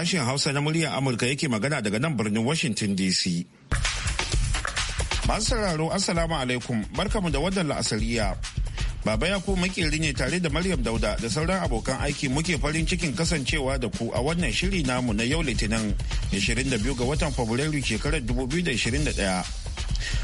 Sashen Hausa na muryar Amurka yake magana daga nan birnin Washington DC. Masu sauraro Assalamu alaikum barkamu da wannan la'asariya. Baba ya ku makeri ne tare da Maryam Dauda da sauran abokan aiki muke farin cikin kasancewa da ku a wannan shiri namu na yau Litinin 22 ga watan Fabrairu shekarar 2021.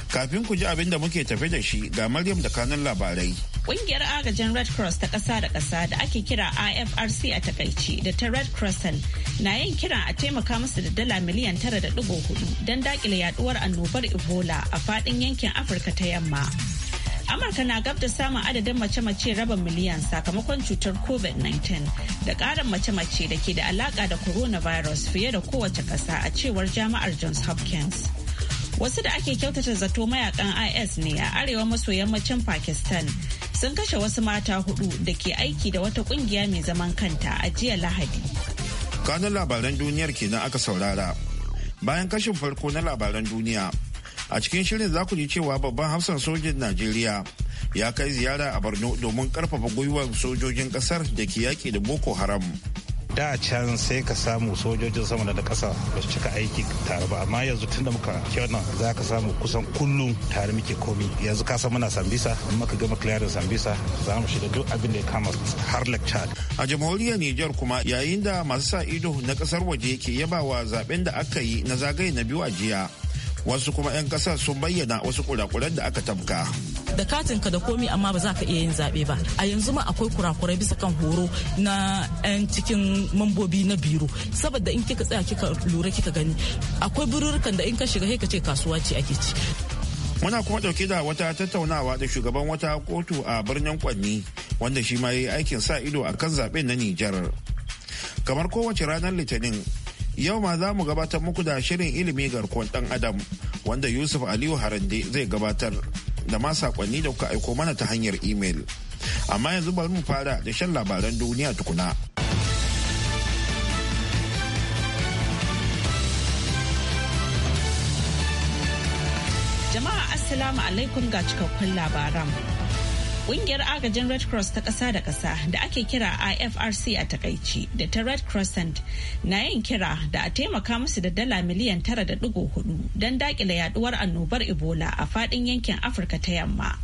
Kafin ku ji abin da muke tafe da shi ga Maryam da kanun labarai. Kungiyar agajin Red Cross ta ƙasa da ƙasa da ake kira IFRC a takaici da ta Red Crescent na yin kiran a taimaka musu da dala miliyan tara da digo hudu don dakile yaduwar annobar ebola a fadin yankin afirka ta yamma amurka na gab da samun adadin mace-mace raba miliyan sakamakon cutar covid-19 da karin mace-mace da ke da alaka da coronavirus fiye da kowace kasa a cewar jami'ar johns hopkins wasu da ake kyautata zato mayakan is ne a arewa maso yammacin pakistan sun kashe wasu mata hudu da ke aiki da wata kungiya mai zaman kanta a jiya lahadi kanun labaran duniyar kenan aka saurara bayan kashin farko na labaran duniya a cikin shirin za ku ji cewa babban hafsan sojin najeriya ya kai ziyara a borno domin karfafa gwiwar sojojin kasar da ke yaki da boko haram da can sai ka samu sojojin sama da kasa ba su cika aiki tare ba amma yanzu tun muka kyau za ka samu kusan kullum tare muke komi yanzu ka san muna sambisa amma ka gama clearing sambisa za mu shiga duk abin da ya kama har lecture a jamhuriyar niger kuma yayin da masu sa ido na kasar waje ke yabawa zaben da aka yi na zagaye na biyu a jiya wasu kuma 'yan kasar sun bayyana wasu kurakuran da aka tabka. da katin ka da komi amma ba za ka iya yin zaɓe ba a yanzu ma akwai kurakurai bisa kan horo na 'yan cikin mambobi na biro saboda in kika tsaya kika lura kika gani akwai bururukan da in ka shiga ka ce kasuwa ce ake ci muna kuma dauke da wata tattaunawa da shugaban wata kotu a birnin kwanni wanda shi ma yi aikin sa ido a kan zaben na nijar kamar kowace ranar litinin yau ma za mu gabatar muku da shirin ilimi garkuwar dan adam wanda yusuf aliyu harande zai gabatar da ma sakonni da kuka aiko mana ta hanyar imel. Amma yanzu bari mu fara da shan labaran duniya tukuna. Jama'a Assalamu alaikum ga cikakkun labaran. Ƙungiyar agajin Red Cross ta ƙasa da ƙasa da ake kira IFRC a takaici da ta Red Crescent na yin kira da a taimaka musu da dala miliyan tara da ɗigo hudu don daƙile yaduwar annobar Ebola a faɗin yankin Afirka ta yamma.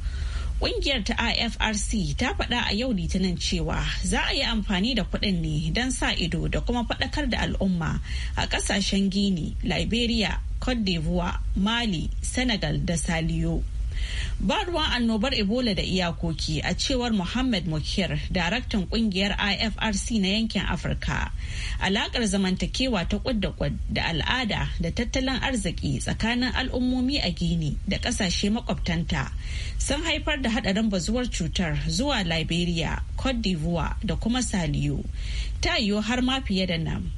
Ƙungiyar ta IFRC ta faɗa a yau litinin cewa za a yi amfani da kuɗin ne don sa ido da kuma faɗakar da al'umma a ƙasashen Guinea, Liberia, Cote d'Ivoire, Mali, Senegal da Saliyo. ba ruwan annobar ebola da iyakoki a cewar muhammad mukir daraktan kungiyar ifrc na yankin afirka alakar zamantakewa ta kud da al'ada da tattalin arziki tsakanin al'ummomi a gini da kasashe makwabtanta sun haifar da hadarin bazuwar cutar zuwa liberia cote d'ivoire da kuma saliyo ta yiwu har ma fiye da nan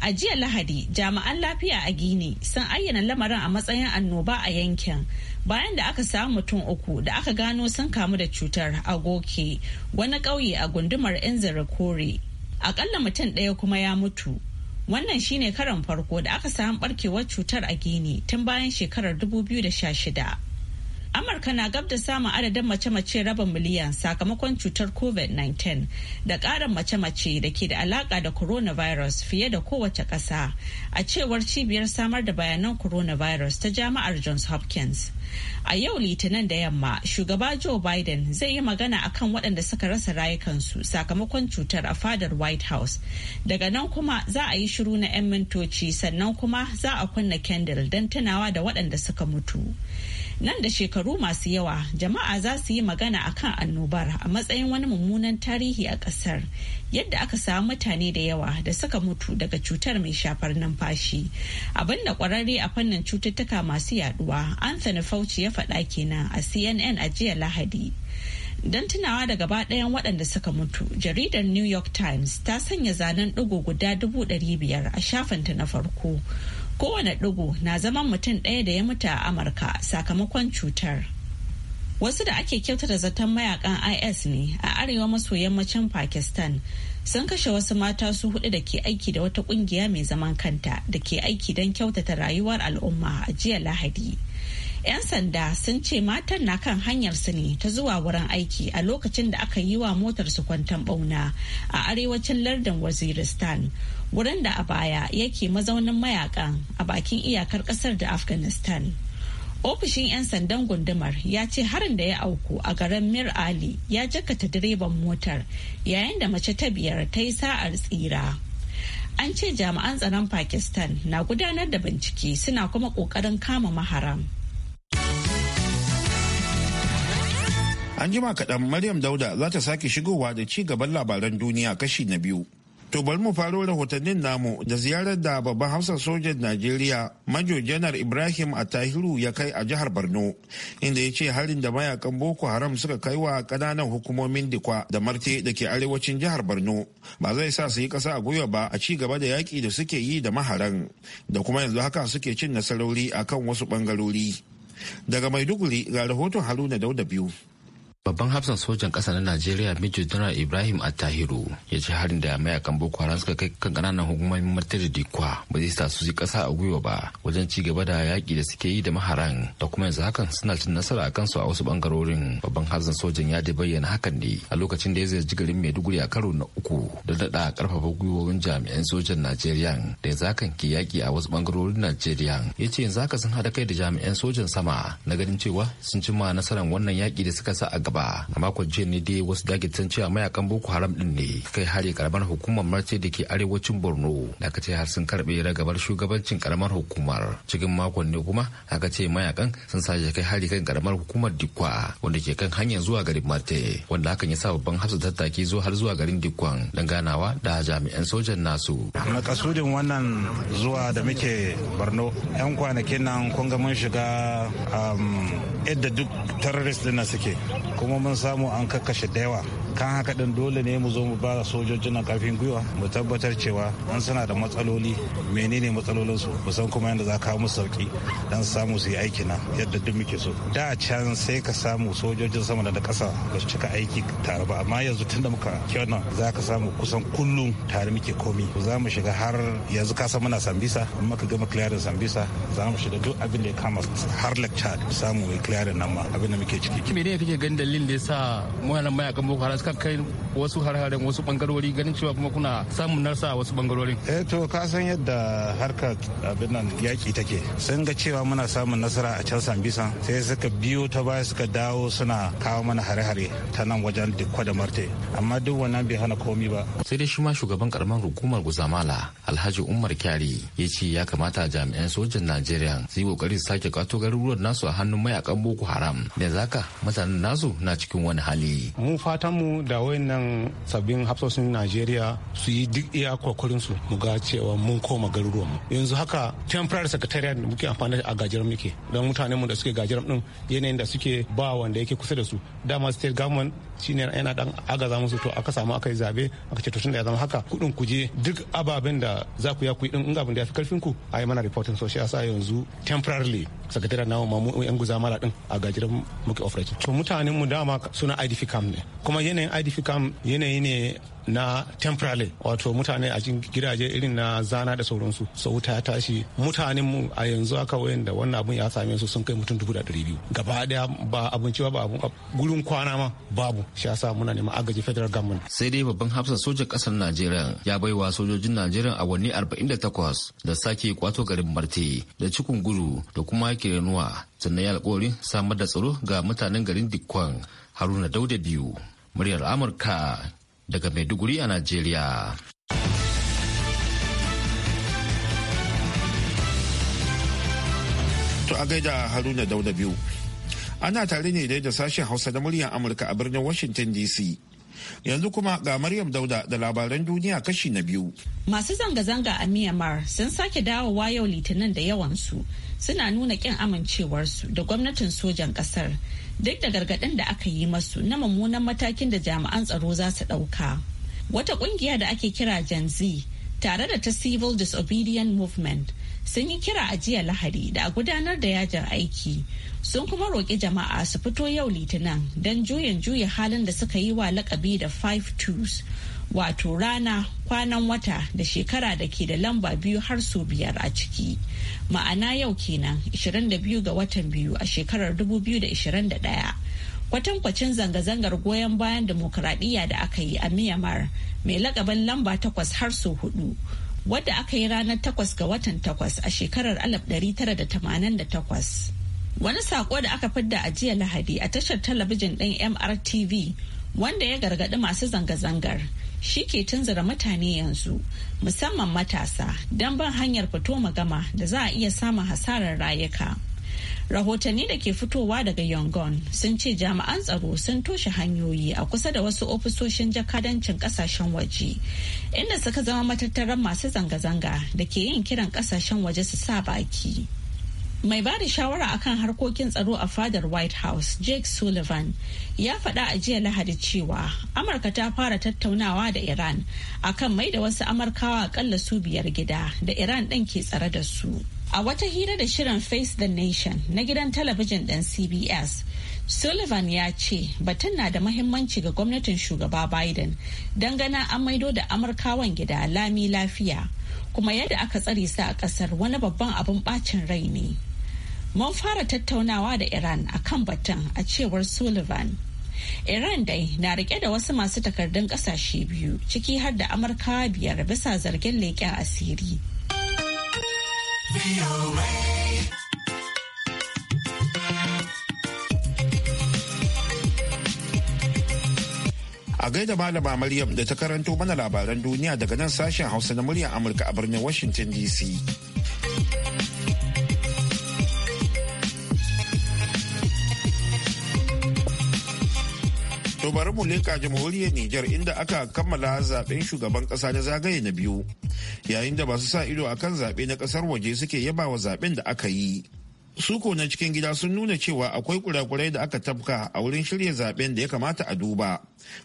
A jiya Lahadi, jami'an lafiya a Gini sun ayyana lamarin a matsayin annoba a yankin bayan da aka samu mutum uku da aka gano sun kamu da cutar a goke wani ƙauye a gundumar yan zarakore akalla mutum ɗaya kuma ya mutu wannan shine karan farko da aka samu barkewar cutar a gini tun bayan shekarar 2016 Amurka na gab da samun adadin mace-mace rabin miliyan sakamakon cutar COVID-19 da ƙarin mace-mace da ke da alaƙa da coronavirus fiye da kowace ƙasa, a cewar cibiyar samar da bayanan coronavirus ta jama'ar Johns Hopkins. A yau Litinin da yamma, shugaba Joe Biden zai yi magana akan waɗanda suka rasa rayukansu sakamakon cutar a fadar White House. Daga nan kuma za a yi shiru na 'yan mintoci sannan kuma za a kunna kendil don tunawa da waɗanda suka mutu. nan da shekaru masu yawa jama'a za su yi magana a kan annobar a matsayin wani mummunan tarihi a kasar yadda aka samu mutane da yawa da suka mutu daga cutar mai shafar numfashi abin da kwararre a fannin cututtuka masu yaduwa anthony fauci ya faɗa kenan a cnn a jiya lahadi don tunawa da gaba ɗayan waɗanda suka mutu jaridar new york times ta sanya zanen ɗigo guda dubu ɗari biyar a shafinta na farko kowane ɗigo na zaman mutum ɗaya da ya mutu a amurka sakamakon cutar wasu da ake kyautata zaton mayakan is ne a arewa maso yammacin pakistan sun kashe wasu mata su hudu da ke aiki da wata kungiya mai zaman kanta da ke aiki don kyautata rayuwar al'umma a jiya lahadi 'yan sanda sun ce matan na kan hanyar su ne ta zuwa wurin aiki a lokacin da aka yi wa motar su kwantan bauna a arewacin lardin waziristan wurin da a baya yake mazaunin mayakan a bakin iyakar kasar da afghanistan ofishin 'yan sandan gundumar ya ce harin da ya auku a garin mir ali ya jakata direban motar yayin da mace ta biyar ta yi sa'ar tsira an ce jami'an tsaron pakistan na gudanar da bincike suna kuma kokarin kama maharam an jima kaɗan maryam dauda za ta sake shigowa da ci gaban labaran duniya kashi na biyu To bari mu faro rahotannin namu da ziyarar da babban hafsan sojan Najeriya Majo Janar Ibrahim Atahiru ya kai a jihar Borno inda ya ce harin da mayakan Boko Haram suka kai wa kananan hukumomin Dikwa da Marte da ke arewacin jihar Borno ba zai sa su yi kasa a gwiwa ba a ci gaba da yaki da suke yi da maharan da kuma yanzu haka suke cin nasarori akan wasu bangarori. Daga Maiduguri ga rahoton Haruna Dauda biyu. Babban hafsan sojan ƙasa na Najeriya Major General Ibrahim Attahiru ya ce harin da mayakan Boko Haram suka kai kan ƙananan hukumomin martiri dikwa ba zai sa su ji ƙasa a gwiwa ba wajen ci gaba da yaƙi da suke yi da maharan da kuma yanzu hakan suna cin nasara a kansu a wasu bangarorin. Babban hafsan sojan ya bayyana hakan ne a lokacin da ya ziyarci garin Maiduguri a karo na uku da daɗa ƙarfafa gwiwowin jami'an sojan Najeriya da yanzu hakan ke yaƙi a wasu bangarorin Najeriya. Ya ce yanzu haka sun haɗa kai da jami'an sojan sama na ganin cewa sun cimma nasarar wannan yaƙi da suka sa a gaba ba a makon jiya ne dai wasu dagitan cewa mayakan boko haram din ne kai hari karamar hukumar marce da ke arewacin borno da aka ce har sun karbe ragabar shugabancin karamar hukumar cikin makon ne kuma aka ce mayakan sun sace kai hari kan karamar hukumar dikwa wanda ke kan hanyar zuwa garin marte wanda hakan ya sa babban hafsa tattaki zo har zuwa garin dikwan danganawa ganawa da jami'an sojan nasu makasudin wannan zuwa da muke borno yan kwanakin nan kun ga mun shiga um, yadda duk terrorist din suke ko kuma mun samu an kakkashe da yawa kan haka din dole ne mu zo mu ba sojojin nan karfin gwiwa mu tabbatar cewa an suna da matsaloli menene matsalolin su san kuma yadda za kawo musu sauki dan samu su yi aiki na yadda duk muke so da can sai ka samu sojojin sama da kasa ba su cika aiki tare ba amma yanzu tun da muka kyona za ka samu kusan kullum tare muke komi za mu shiga har yanzu ka san muna sambisa amma ka gama clearing sambisa za mu shiga duk abin da ya kama har lecture samu clearing nan ma abin da muke ciki ne kake ganin dalilin da ya sa mayanan mayakan boko haram suka kai wasu har-haren wasu bangarori ganin cewa kuma kuna samun narsa a wasu bangarorin eh to ka san yadda harkar abin nan yaki take sun ga cewa muna samun nasara a can sambisan sai suka biyo ta baya suka dawo suna kawo mana hare-hare ta nan wajen dikko da marte amma duk wannan bai hana komi ba sai dai shi ma shugaban karamar hukumar guzamala alhaji umar kyari ya ce ya kamata jami'an sojan najeriya su yi kokari su sake kwato garuruwan nasu a hannun mayakan boko haram da zaka mutanen nasu na cikin wani hali mu fatanmu da wayannan sabbin hafsoshin najeriya su yi duk iya kwakwarin su mu ga cewa mun koma garuruwan mu yanzu haka temporary secretary da muke amfani a gajiyar muke don mutanen mu da suke gajiyar din yanayin da suke ba wanda yake kusa da su dama state government shine yana dan agaza musu to aka samu aka yi zabe aka ce to tunda ya zama haka kudin ku je duk ababen da za ku ya ku din in abin da ya fi karfin ku a yi mana reporting so shi yasa yanzu temporarily sakatare na mu mu yan guzamala din a gajiran muke operation to mutanen mu dama suna IDF camp ne kuma yanayin IDF camp yanayi ne na temporary wato mutane a cikin gidaje irin na zana da sauransu sau wuta ya tashi mutanen mu a yanzu haka wayan da wannan abun ya same su sun kai mutum dubu da ɗari biyu gaba daya ba abinci ba abun gurin kwana ma babu shi yasa muna neman agaji federal government sai dai babban hafsan sojan kasar najeriya ya baiwa sojojin najeriya awanni arba'in da takwas da sake kwato garin marte da cikun gudu da kuma kirenuwa sannan ya alkawarin samar da tsaro ga mutanen garin dikwan haruna dauda biyu muryar amurka daga Maiduguri a Najeriya. To a gaida Haruna Dauda biyu. Ana tare ne dai da sashen Hausa da muryar Amurka a birnin Washington DC. Yanzu kuma ga Maryam Dauda da labaran duniya kashi na biyu. Masu zanga-zanga a Myanmar sun sake dawowa yau litinin da yawansu suna nuna kin amincewarsu da gwamnatin sojan kasar. duk da gargaɗin da aka yi masu na mummunan matakin da jami'an tsaro za su ɗauka. Wata ƙungiya da ake kira Gen Z tare da ta Civil Disobedient Movement sun yi kira a jiya Lahadi da a gudanar da yajin aiki sun kuma roƙi jama'a su fito yau Litinin don juyin juya halin da suka yi wa lakabi da five twos wato rana kwanan wata da shekara da ke da lamba biyu har sau biyar a ciki ma'ana yau kenan 22 ga watan biyu a shekarar 2021 kwatankwacin zanga-zangar goyon bayan demokuraɗiyya da aka yi a myanmar mai lakabin lamba takwas har sau hudu wadda aka yi ranar takwas ga watan takwas a shekarar 1988 wani saƙo da aka fidda a jiya lahadi a tashar talabijin ɗin mrtv wanda ya gargaɗi masu zanga-zangar shi ke tunzura mutane yanzu musamman matasa don ban hanyar fito magama da za a iya samun hasarar rayuka. rahotanni da ke fitowa daga yangon sun ce jami'an tsaro sun toshe hanyoyi a kusa da wasu ofisoshin jakadancin kasashen waje inda suka zama matattaran masu zanga-zanga da ke yin kiran kasashen waje su sa baki. mai ba da shawara akan harkokin tsaro a fadar white house jake sullivan ya faɗa a jiya lahadi cewa amurka ta fara tattaunawa da iran akan mai da wasu amurkawa akalla su biyar gida da iran ɗin ke tsare da su a wata hira da shirin face the nation na gidan talabijin ɗin cbs sullivan ya ce batun na da mahimmanci ga gwamnatin shugaba biden dangana an maido da amurkawan gida lami lafiya kuma yadda aka tsare su a kasar wani babban abin bacin rai ne mun fara tattaunawa da iran a kan batun a cewar sullivan iran dai na rike da wasu masu takardun kasashe biyu ciki har da amurka biyar bisa zargin leƙen asiri. A gaida Malama Maryam da ta karanto mana labaran duniya daga nan sashen Hausa na murya Amurka a birnin Washington DC. To bari mu leka jamhuriyar Nijar inda aka kammala zaben shugaban kasa na zagaye na biyu yayin da masu sa ido akan zaɓe na ƙasar waje suke yaba wa zaɓen da aka yi. suko na cikin gida sun nuna cewa akwai kurakurai da aka tafka a wurin shirya zaben da ya kamata a duba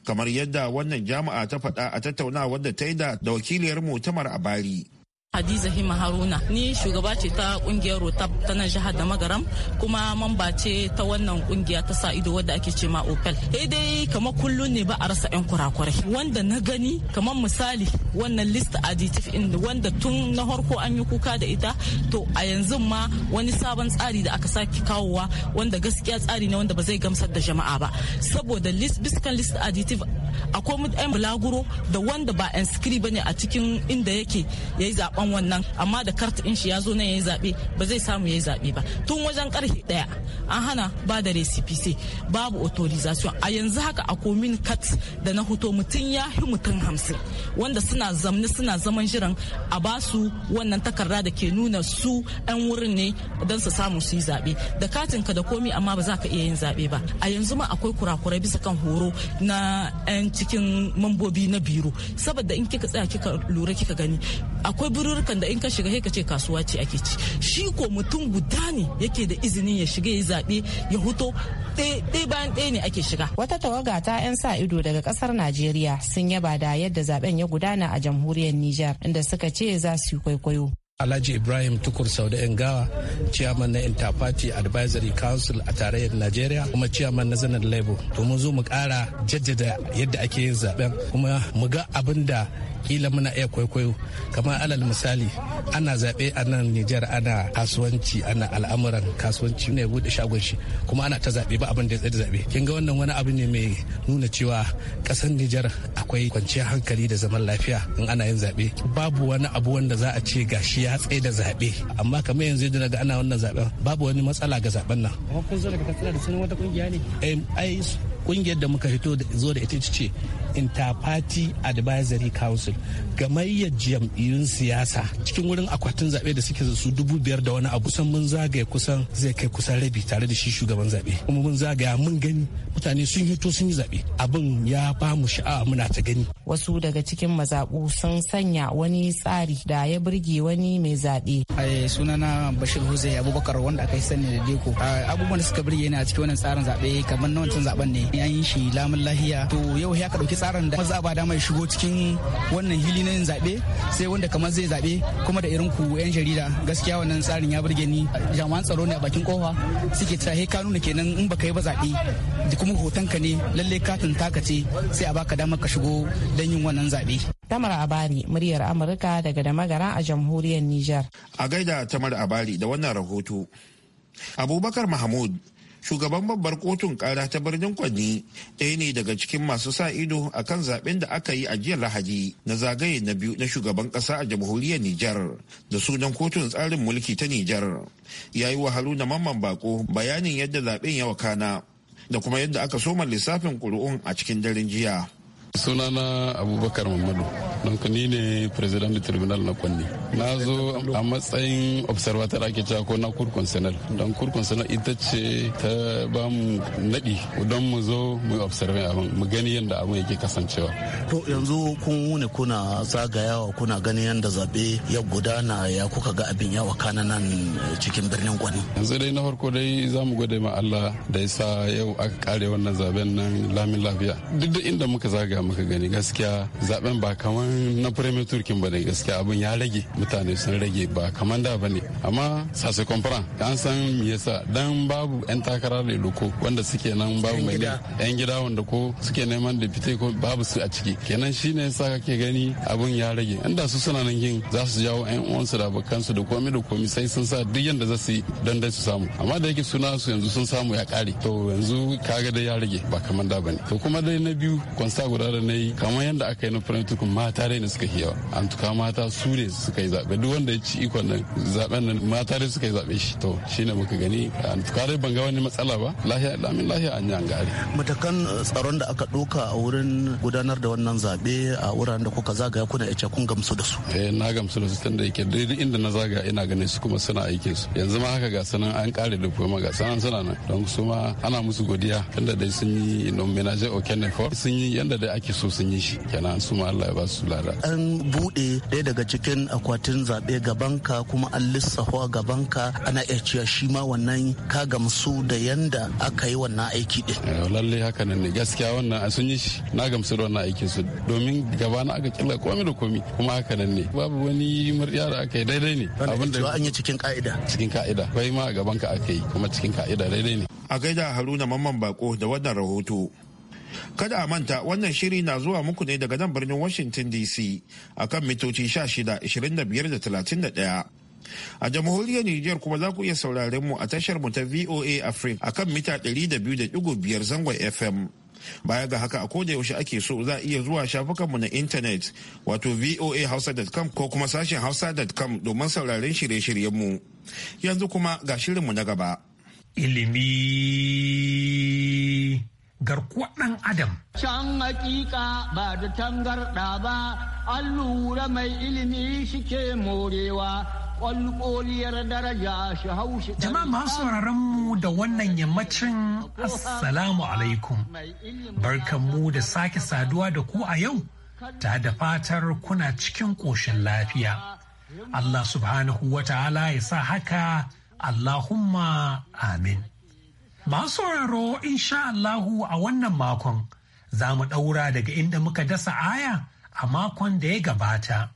kamar yadda wannan jami'a ta faɗa a tattaunawar da ta yi da wakiliyar mu tamar a bari Hadiza Hima Haruna ni shugaba ce ta kungiyar Rotab ta nan jihar da Magaram kuma mamba ce ta wannan kungiya ta sa ido wadda ake ce ma Opel. Sai eh dai kamar kullun ne ba a rasa yan kurakurai wanda na gani kamar misali wannan list additive in wanda tun na farko an yi kuka da ita to a yanzu ma wani sabon tsari da aka sake kawowa wanda gaskiya tsari ne wanda ba zai gamsar da jama'a ba saboda list biskan list additive akwai 'yan bulaguro da wanda ba 'yan bane a cikin inda yake yayi zaben wannan amma da karta in shi ya zo na yayi zabe ba zai samu yayi zaɓe ba tun wajen karfe daya an hana ba da recipe babu authorization a yanzu haka a komin kat da na hoto mutum ya fi mutum hamsin wanda suna zamni suna zaman jiran a ba su wannan takarda da ke nuna su 'yan wurin ne don su samu su yi zaɓe da katin ka da komi amma ba za ka iya yin zaɓe ba a yanzu ma akwai kurakurai bisa kan horo na 'yan cikin mambobi na biro saboda in kika tsaya kika lura kika gani akwai bururukan da in ka shiga ka ce kasuwa ce ake ci shi ko mutum guda ne yake da izinin ya shiga ya zaɓe ya huto ɗaya bayan ɗaya ne ake shiga wata tawaga ta 'yan sa ido daga ƙasar najeriya sun yaba da yadda zaben ya gudana a jamhuriyar nijar inda suka ce za su yi kwaikwayo Alhaji Ibrahim Tukur Sauda Ngawa Chairman na Interparty Advisory Council a tarayyar Najeriya kuma Chairman na zanen Labour. To mu zo mu kara jaddada yadda ake yin zaben kuma mu ga abin da kila muna iya kwaikwayo kamar alal misali ana zaɓe a nan Nijar ana kasuwanci ana al'amuran kasuwanci ne bude shagon shi kuma ana ta zaɓe ba abin da ya tsaye zaɓe kin ga wannan wani abu ne mai nuna cewa ƙasar Nijar akwai kwanciyar hankali da zaman lafiya in ana yin zaɓe babu wani abu wanda za a ce gashi ya tsaye da zaɓe amma kamar yanzu da ga ana wannan zaɓen babu wani matsala ga zaɓen nan. Kun zo daga katsina da sunan wata kungiya ne? Eh, ai kungiyar da muka fito zo da ita ce interparty advisory council gamayyar jam'iyyun siyasa cikin wurin akwatin zaɓe da suke su dubu biyar da wani abu kusan mun zagaya kusan zai kai kusan rabi tare da shi shugaban zaɓe kuma mun zagaya mun gani mutane sun hito sun yi zaɓe abin ya ba mu sha'a muna ta gani wasu daga cikin mazaɓu sun sanya wani tsari da ya burge wani mai zaɓe sunana bashir hussein abubakar wanda aka yi sani da deko abubuwan da suka burge yana cikin wannan tsarin zaɓe kamar na wancan zaɓen ne an yi shi lamun lahiya to yau ya ka ɗauki tsarin da maza ba dama shigo cikin wannan hili na yin zaɓe sai wanda kamar zai zaɓe kuma da irin ku 'yan jarida gaskiya wannan tsarin ya burge ni jami'an tsaro ne a bakin kofa suke ta he ka nuna kenan in baka yi ba zaɓe da kuma hoton ka ne lalle katin taka ce sai a baka damar ka shigo don yin wannan zaɓe. Tamar Abari muryar Amurka daga Damagara a jamhuriyar Nijar. A gaida Tamar Abari da wannan rahoto. Abubakar Mahmud shugaban babbar kotun kara ta birnin kwanni ɗaya ne daga cikin masu sa ido a kan zaben da aka yi a jiya lahadi na zagaye na biyu na shugaban ƙasa a jamhuriyar nijar da sunan kotun tsarin mulki ta nijar ya yi wa na mamman bako bayanin yadda zaben ya wakana da kuma yadda aka soma lissafin ƙuri'un a cikin daren jiya sunana abubakar mamadu don ni ne president tribunal na kwanne na zo a matsayin observator ake cewa ko na kurkun senal don kurkun senal ita ce ta ba mu naɗi don mu zo mu observe a abin mu gani yadda abin yake kasancewa to yanzu kun wune kuna zagayawa kuna ganin yadda zabe ya gudana ya kuka ga abin yawa kana nan cikin birnin kwanne yanzu dai na farko dai za mu gode ma Allah da ya sa yau aka kare wannan zaben nan lamin lafiya duk da inda muka zagaya haka muka gani gaskiya zaben ba kamar na premier turkin ba ne gaskiya abin ya rage mutane sun rage ba kamar da ba ne amma sase kwamfuran an san me yasa dan babu yan takara da loko wanda suke nan babu mai yan gida wanda ko suke neman da fite ko babu su a ciki kenan shine yasa kake gani abin ya rage inda su suna nan yin za su jawo yan uwansu da abokansu da komai da komai sai sun sa duk yanda za su yi don dai su samu amma da yake suna su yanzu sun samu ya kare to yanzu kaga da ya rage ba kamar da ba ne to kuma dai na biyu kwansa guda da na yi kamar yadda aka yi na firantukun mata ne suka yi yawa an tuka mata su ne suka yi zaɓe duk wanda ya ci ikon nan zaɓen nan mata ne suka yi zaɓe shi to shi ne muka gani an tuka dai ban ga wani matsala ba lahiya lamin lahiya an yi an gari. matakan eh, tsaron da aka ɗauka a wurin gudanar da wannan zaɓe a wuraren da kuka zagaya kuna ya kun gamsu da su. eh na gamsu da su tun da yake duk inda na zaga ina ganin su kuma suna aikin su yanzu ma haka ga sanan an kare da kuma ga sanan suna nan don su ma ana musu godiya tunda dai sun yi nominaje okene sun yi yanda da ake so sun yi shi kenan su ma Allah ya ba su lada an bude ɗaya daga cikin akwatin zaɓe gabanka kuma an lissafa gabanka ana iya cewa shi ma wannan ka gamsu da yanda aka yi wannan aiki din eh, lalle haka nan ne gaskiya wannan sun yi shi na gamsu da wannan aikin su domin gaba na aka killa komai da komai kuma haka nan ne babu wani murya da aka yi daidai ne abin da an yi cikin ka'ida cikin ka'ida kai ma gaban ka aka yi kuma cikin ka'ida daidai ne a gaida haruna mamman bako da wannan rahoto Kada a manta wannan shiri na zuwa muku ne daga nan birnin Washington DC a kan mitoci 16, 25 31. A jamhuriyar Nijar kuma za ku iya sauraren mu a tashar mu ta VOA Africa a kan mita 200.5 zangon FM. Baya ga haka a koda yaushe ake so za a iya zuwa mu na intanet wato voahausa.com ko kuma sashen hausa.com domin sauraren shirye shiryen mu Yanzu kuma ga shirinmu na gaba. Ilimi Garkuwa ɗan adam. Can hakika ba da tangarɗa ba, an lura mai ilimi shi ke morewa, ƙwalƙoliyar daraja shi haushi. Jama'a masu sauraron mu da wannan yammacin Assalamu alaikum. Barkan mu da sake saduwa da ku a yau, ta da fatar kuna cikin ƙoshin lafiya. Allah subhanahu wa ta'ala ya sa haka, Allahumma amin. Masu in insha Allahu a wannan makon za mu ɗaura daga inda muka dasa aya a makon da ya gabata,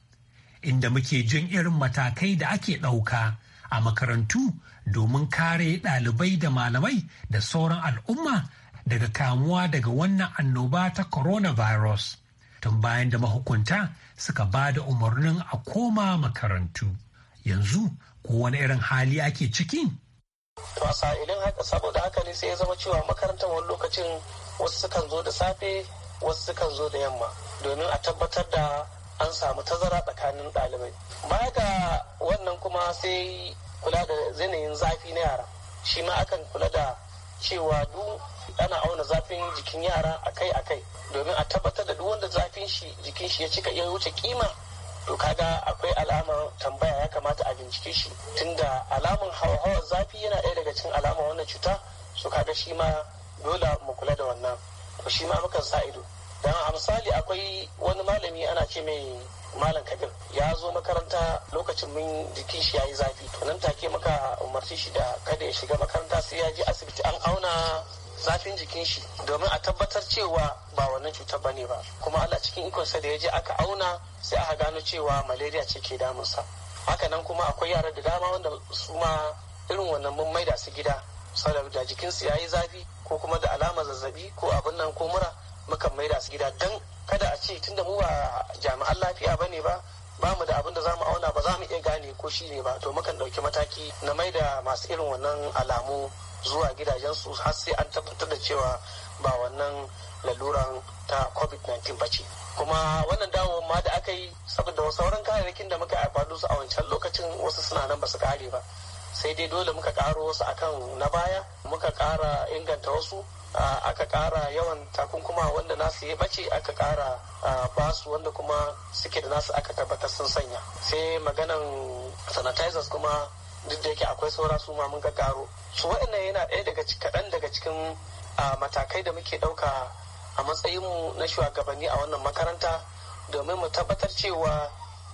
inda muke jin irin matakai da ake ɗauka a makarantu domin kare ɗalibai da malamai da sauran al'umma daga kamuwa daga wannan annoba ta coronavirus. Tun bayan da mahukunta suka ba da umarnin a koma makarantu. Yanzu, ko wani irin hali ake ciki? to a sa'ilin haka saboda haka ne sai ya zama cewa makarantar wani lokacin wasu sukan zo da safe wasu sukan zo da yamma domin a tabbatar da an samu tazara tsakanin ɗalibai baya ga wannan kuma sai kula da yanayin zafi na yara shi ma akan kula da cewa du ana auna zafin jikin yara akai-akai domin a tabbatar da duk wanda zafin shi jikin shi ya cika ya wuce kima to kaga akwai alamar tambaya ya kamata a bincike shi tunda alamun hawa zafi yana ɗaya daga cikin alamar wannan cuta su kaga shi ma dole mu kula da wannan to shi ma mukan sa ido don a misali akwai wani malami ana ce mai malam kabir ya zo makaranta lokacin mun jikin shi yayi zafi to nan take muka umarci shi da kada ya shiga makaranta sai ya je asibiti an auna zafin jikin shi domin a tabbatar cewa ba wannan cutar bane ba kuma Allah cikin ikonsa da ya je aka auna sai aka gano cewa malaria ce ke damunsa haka nan kuma akwai yara da dama wanda su ma irin wannan mun maida su gida saboda jikinsu ya yi zafi ko kuma da alama zazzabi ko abin nan ko mura mukan maida su gida dan kada a ce tunda mu ba jami'an lafiya bane ba ba mu da abin da za mu auna ba za mu iya gane ko shi ne ba to mukan ɗauki mataki na mai da masu irin wannan alamu zuwa gidajensu har sai an tabbatar da cewa ba wannan laluran ta covid-19 ba ce kuma wannan dawo ma da aka yi saboda sauran kayayyakin da muka amfani su a wancan lokacin wasu suna nan ba su kare ba sai dai dole muka karo wasu akan na baya muka kara inganta wasu aka kara yawan takunkuma wanda nasu ya bace aka kara basu wanda kuma suke da nasu aka tabbatar sun sanya sai maganan sanitizers kuma duk da yake akwai saura su ma mun ga karo su wa'annan yana ɗaya daga kaɗan daga cikin matakai da muke ɗauka a matsayinmu na shugabanni a wannan makaranta domin mu tabbatar cewa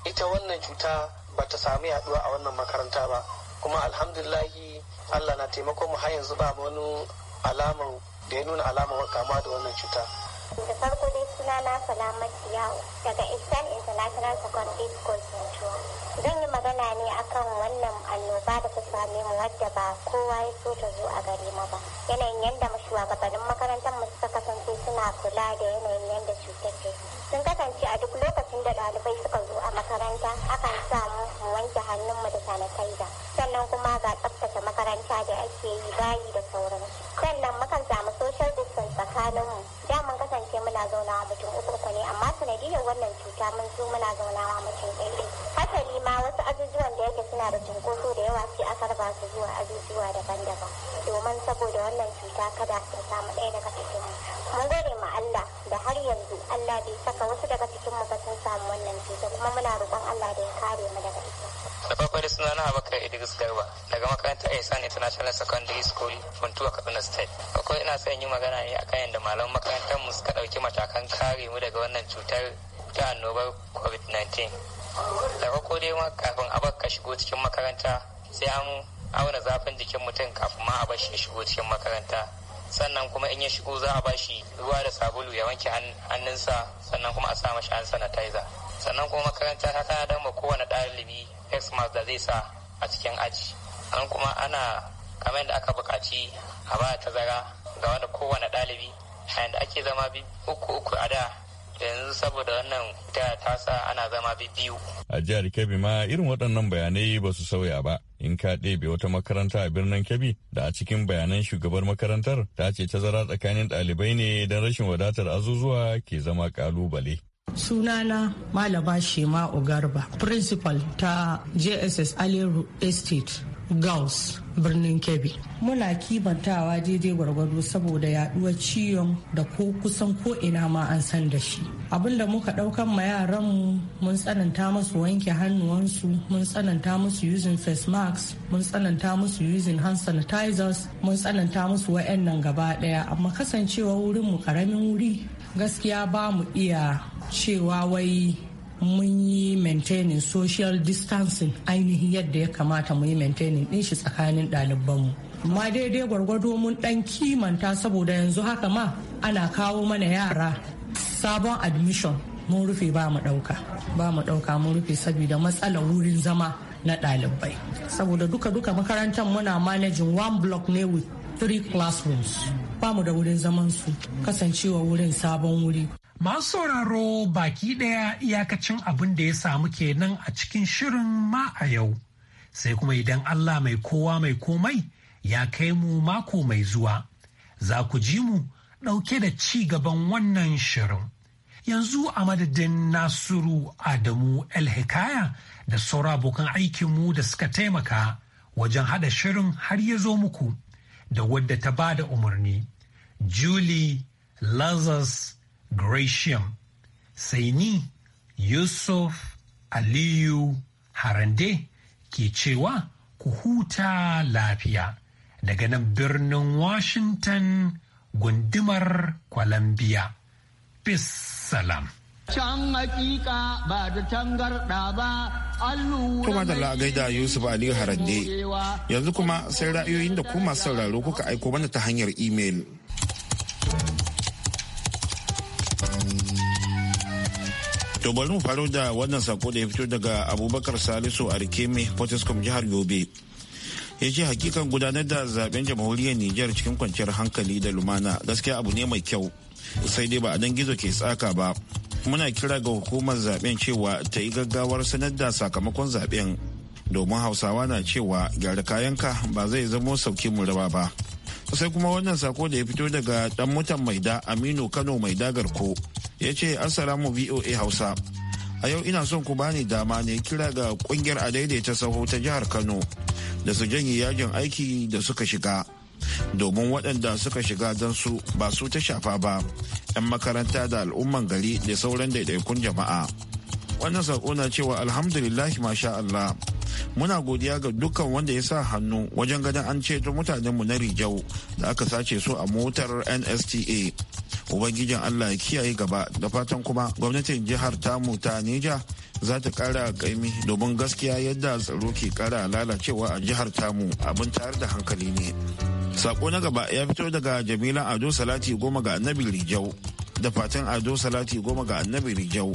ita wannan cuta ba ta samu yaduwa a wannan makaranta ba kuma alhamdulillahi allah na taimako mu har yanzu ba wani alamar da ya nuna alamar kamuwa da wannan cuta Da farko dai suna na Salamatu Yawo daga Eastern International Secondary School Central. Zan yi magana ne akan wannan annoba da ta same mu wadda ba kowa ya so ta zo a gare mu ba. Yanayin yadda shugabannin makarantar mu suka kasance suna kula da yanayin yadda cutar ke. Sun kasance a duk lokacin da ɗalibai suka zo a makaranta akan samu mu wanke hannunmu da sanitizer. Sannan kuma ga tsaftace makaranta da ake yi bayi da sauransu. Sannan mukan samu social distance tsakaninmu muna zaunawa mutum uku ku ne amma sanadiyar wannan cuta mun zo muna zaunawa mutum ɗaya hasali ma wasu ajujuwan da yake suna da cunkoso da yawa sai aka raba su zuwa ajujuwa daban-daban domin saboda wannan cuta kada ta samu ɗaya daga cikin Davis Garba daga makarantar Aisan International Secondary School Funtuwa Kaduna State. Akwai ina son yi magana ne akan yadda malaman makarantar mu suka ɗauki matakan kare mu daga wannan cutar ta annobar COVID-19. Da farko dai ma kafin a baka ka shigo cikin makaranta sai an auna zafin jikin mutum kafin ma a bar shi shigo cikin makaranta. sannan kuma in ya shigo za a ba shi ruwa da sabulu ya wanke hannunsa sannan kuma a sa mashi hand sanitizer sannan kuma makaranta ta tana dan kowane ɗalibi x da zai sa a cikin aji an kuma ana kamar yadda aka buƙaci a ba tazara ga wanda kowane ɗalibi a yadda ake zama uku uku a da yanzu saboda wannan ta tasa ana zama biyu. A jihar Kebbi ma irin waɗannan bayanai ba su sauya ba. In ka ɗebe wata makaranta a birnin Kebbi da a cikin bayanan shugabar makarantar ta ce tazara tsakanin ɗalibai ne don rashin wadatar azuzuwa ke zama ƙalubale. sunana malama shema ogarba principal ta jss Aliyu estate gauss birnin kebbi muna kimantawa daidai gwargwado saboda yaduwar ciwon da ko kusan ko ina ma an san da shi abinda muka daukan ma yaranmu mun tsananta musu wanke hannuwansu mun tsananta musu using face masks mun tsananta musu using hand sanitizers mun tsananta musu wa'annan gaba daya amma kasancewa wurin mu karamin wuri gaskiya ba mu iya cewa wai mun yi maintaining social distancing ainihin yadda ya kamata mu yi maintaining din shi tsakanin ɗalibanmu amma daidai gwargwado mun ɗan kimanta saboda yanzu haka ma ana kawo mana yara sabon admission mun rufe ba mu ɗauka ba mu ɗauka mun rufe saboda matsalar wurin zama na ɗalibai saboda duka-duka makarantar muna managing one block ne with three classrooms bamu da wurin zaman su kasancewa wurin sabon wuri masu sauraro baki ɗaya iyakacin abin da ya samu kenan a cikin shirin ma a yau sai kuma idan allah mai kowa mai komai ya kai mu mako mai zuwa za ku ji mu ɗauke da ci gaban wannan shirin yanzu a madadin nasiru adamu el hikaya da saura abokan aikinmu da suka taimaka wajen haɗa shirin har ya zo muku da wadda ta ba da umarni Julie Lazarus Gratiam, saini Yusuf Aliyu Harande ke cewa ku huta lafiya daga nan birnin Washington gundumar Columbia. Peace salam. Can hakika ba da tangarda ba, Kuma da Yusuf Aliyu Harande, yanzu kuma sai ra'ayoyin da ku masu sauraro kuka aiko mana ta hanyar imel. To bari mu faro da wannan sako da ya fito daga Abubakar Salisu a rikimi Potiskum jihar Yobe. ya ce hakikan gudanar da zaben jamhuriyar Nijar cikin kwanciyar hankali da lumana gaskiya abu ne mai kyau sai dai ba a dan gizo ke tsaka ba muna kira ga hukumar zaben cewa ta yi gaggawar sanar da sakamakon zaben domin hausawa na cewa gyara kayan ka ba zai zamo sauki mu raba ba sai kuma wannan sako da ya fito daga dan mutan maida aminu kano maida garko ya ce assalamu voa hausa a yau ina son ku bani dama ne kira ga kungiyar a daidaita saho ta jihar kano da su janye yajin aiki da suka shiga domin waɗanda suka shiga don su ba su ta shafa ba 'yan makaranta da al'umman gari da sauran daidaikun jama'a wannan sako na cewa alhamdulillahi masha Allah muna godiya ga dukkan wanda ya sa hannu wajen ganin an ceto mutanenmu na rijau da aka sace su a motar nsta ubangijin allah ya kiyaye gaba da fatan kuma gwamnatin jihar tamu ta neja za ta kara kaimi domin gaskiya yadda tsaro ke kara lalacewa a jihar tamu abin tayar da hankali ne sako na gaba ya fito daga jamila ado salati goma ga annabi rijau da fatan ado salati goma ga annabi rijau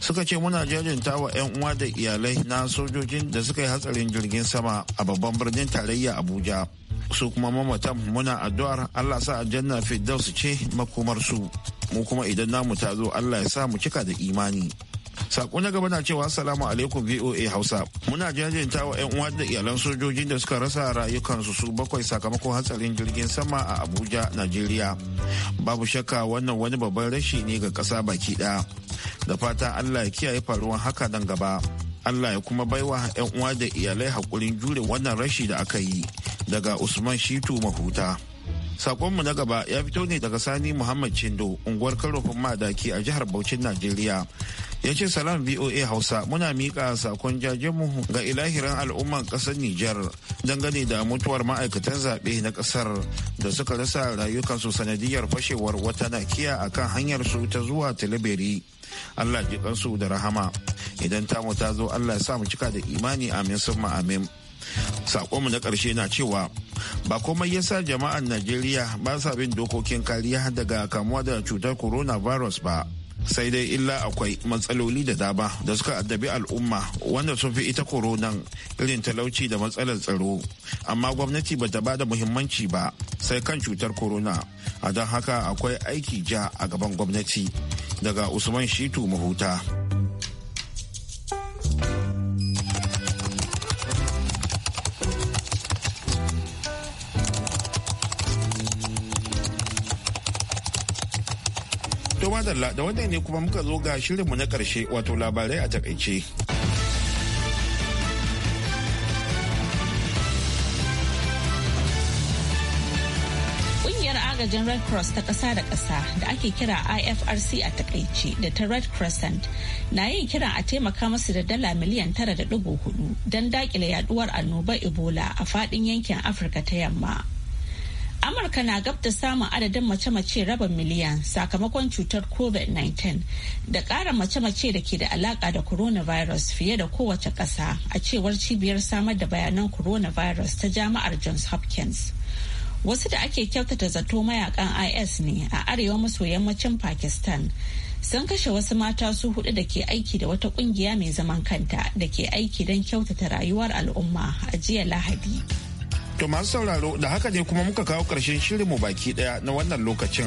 suka ce muna jajinta wa 'yan uwa da iyalai na sojojin da suka yi hatsarin jirgin sama a babban birnin tarayya abuja su kuma mamatan muna addu'ar Allah sa aljanna firdaus ce makomar mu kuma idan namu ta zo Allah ya sa mu cika da imani sako na gaba na cewa assalamu alaikum voa hausa muna jajanta wa yan uwa da iyalan sojojin da suka rasa rayukansu su bakwai sakamakon hatsarin jirgin sama a abuja najeriya babu shakka wannan wani babban rashi ne ga kasa baki ɗaya da fata allah ya kiyaye faruwan haka nan gaba allah ya kuma baiwa yan uwa da iyalai hakurin jure wannan rashi da aka yi daga Usman Shitu Mahuta. Sakonmu na gaba ya fito ne daga Sani Muhammad Chindo, unguwar karofin madaki a jihar Bauchin, Najeriya. Ya ce salam VOA Hausa muna miƙa sakon jajenmu ga ilahiran al'umman ƙasar Nijar dangane da mutuwar ma'aikatan zaɓe na ƙasar da suka rasa rayukansu sanadiyar fashewar wata nakiya a kan hanyarsu ta zuwa talibiri. Allah ji da rahama. Idan tamu ta zo Allah ya sa mu cika da imani amin sun amin. sakonmu na ƙarshe na cewa ba komai yasa jama'an najeriya ba sa bin dokokin kariya daga kamuwa da cutar coronavirus ba sai dai illa akwai matsaloli da dama da suka addabi al'umma wanda sun fi ita koronan irin talauci da matsalar tsaro amma gwamnati ba ta bada muhimmanci ba sai kan cutar korona a don haka akwai aiki ja a gaban gwamnati daga usman shitu mahuta. madalla da wanda ne kuma muka zo ga shirinmu na karshe wato labarai a takaice. agajin red cross ta ƙasa da ƙasa da ake kira ifrc a takaice da ta red crescent na yin kiran a taimaka masu da dala miliyan 9.4 don dakile yaduwar annobar ebola a faɗin yankin afirka ta yamma Amurka na gab da samun adadin mace-mace rabin miliyan sakamakon cutar COVID-19 da ƙara mace-mace da ke da alaƙa da coronavirus fiye da kowace ƙasa a cewar cibiyar samar da bayanan coronavirus ta jami'ar Johns Hopkins. Wasu da ake kyautata zato mayakan IS ne a arewa maso yammacin Pakistan. Sun kashe wasu mata su hudu da ke aiki da wata kungiya mai zaman kanta da ke aiki don kyautata rayuwar al'umma a jiya Lahadi. To masu sauraro da haka ne kuma muka kawo ƙarshen mu baki ɗaya na wannan lokacin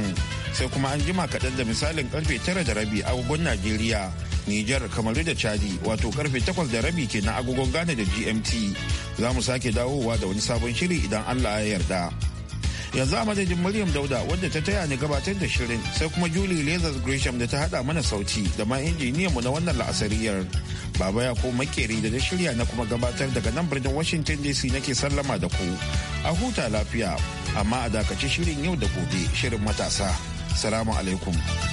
sai kuma an jima kaɗan da misalin karfe tara da rabi agogon Najeriya, Nijar, Kamaru da Chadi wato karfe takwas da rabi ke na agogon Ghana da GMT. Za mu sake dawowa da wani sabon shiri idan Allah ya yarda. yanzu a madadin Maryam Dauda wadda ta taya ni gabatar da shirin sai kuma Julie Lazarus Gresham da ta hada mana sauti da ma mu na wannan la'asariyar. Baba ya ko makeri da ta shirya na kuma gabatar daga nan birnin Washington DC nake sallama da ku. A huta lafiya amma a dakace shirin yau da gobe shirin matasa. Salamu alaikum.